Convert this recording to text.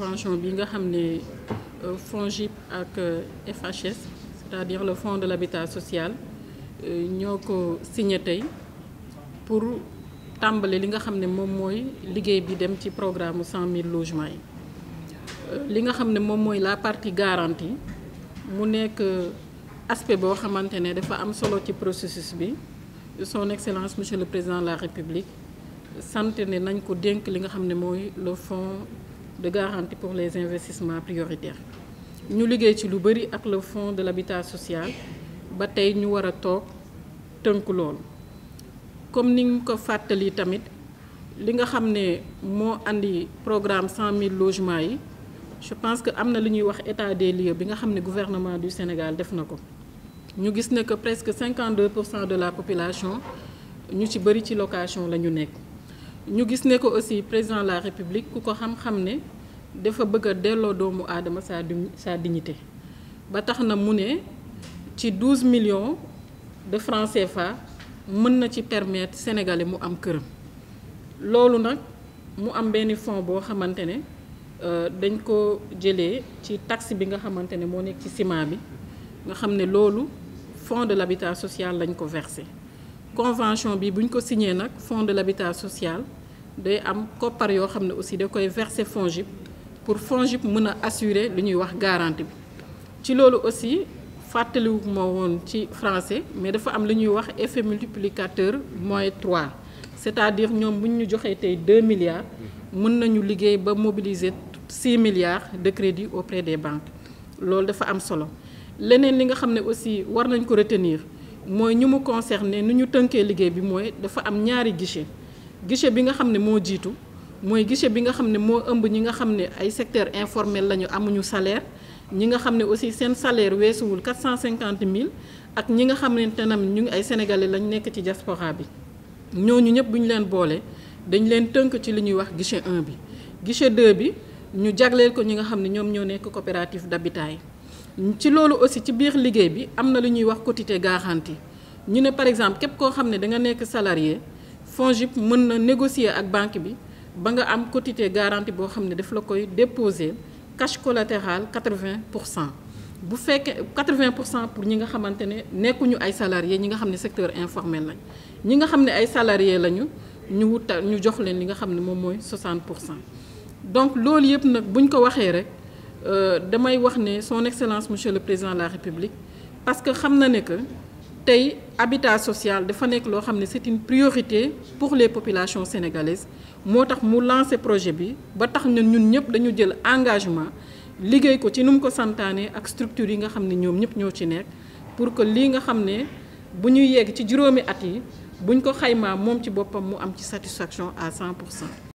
convention bi nga xamné ne euh, FONGIP ak euh, FHS c'est-à-dire le fonds de l'habitat social euh, ñoko ko signé tey pour tambalé li nga xamné mom moy liguey bi dem ci programme cent mille logements li nga xamné mom moy la partie garantie mu nek aspect bo xamantene dafa am solo ci processus bi son excellence monsieur le président de la république sant nañ ko denk li nga xamné moy le fonds de garantie pour les investissements prioritaires Nous avons ci lu le fonds de l'habitat social ba tay ñu wara tok comme nous avons ko l'État, tamit li nga xamné programme andi logements je pense que nous avons ñuy wax état des lieux bi gouvernement du Sénégal def nako que presque 52 de la population ñu ci bëri ci location ñu gis ne ko aussi président de la république ku ko xam-xam ne dafa bëgg a delloo doomu aadama sa sa dignité ba tax na mu ne ci 12 millions de francs CFA mën na ci permettre sénégalais mu am këram loolu nag mu am benn fonds boo xamante ne euh, dañ ko jëlee ci taxe bi nga xamante ne moo nekk ci ciment bi nga xam ne loolu fonds de l'habitat social lañ ko versé convention bi buñ ko signé nak fonds de l'habitat social day am copar yo xamné aussi da koy verser FONGIP pour fonds mën a assurer lu wax garantie bi ci lolu aussi fàttaliwu ma won ci français mais dafa am lu wax effet multiplicateur moins 3 c'est-à-dire ñom nous ñu joxé 2 milliards mën nañu liggéey ba mobiliser 6 milliards de crédits auprès des banques loolu dafa am solo leneen li nga xamné aussi war nañ ko retenir mooy ñu mu concerné nu ñu tënkee liggéey bi mooy dafa am ñaari guichet guichet bi nga xam ne moo jiitu mooy guichet bi nga xam ne moo ëmb ñi nga xam ne ay secteur informel lañu amuñu salaire ñi nga xam ne aussi seen salaire weesuwul quatre cent cinquante mille ak ñi nga xam ne tanam ñu ngi ay sénégalais lañ nekk ci diaspora bi ñooñu ñëpp bu ñu leen boole dañ leen tënk ci li ñuy wax guichet un bi guichet 2 bi ñu jagleel ko ñi nga xam ne ñoom ñoo nekk coopérative d'habitat yi ci loolu aussi ci biir liggéey bi am na lu ñuy wax quotité garantie ñu ne par exemple képp koo xam ne da nga nekk salarié FONGIP mën na négocier ak banque bi ba nga am quotité garantie boo xam ne daf la koy déposer cash collatéral 80 pour cent bu fekkee 80 pour cent pour ñi nga xamante ne nekkuñu ay salarié ñi nga xam ne secteur informel lañ ñi nga xam ne ay salarié lañu ñu wut ñu jox leen li nga xam ne moom mooy 60 pour cent donc loolu yëpp nag buñ ko waxee rek. Euh, damay wax ne son excellence monsieur le président de la république parce que xamna na ne que tay habitat social dafa nek lo xam c'est une priorité pour les populations sénégalaises motax tax mu lancé projet bi ba tax ñun ñun ñep dañu jël engagement liggéey ko ci num ko santaane ak structure yi nga xam ñom ñep ñoo ci nek pour que li nga xam ne bu ñuy yegg ci juroomi at yi buñ ko xayma mom ci bopam mu am ci satisfaction à 100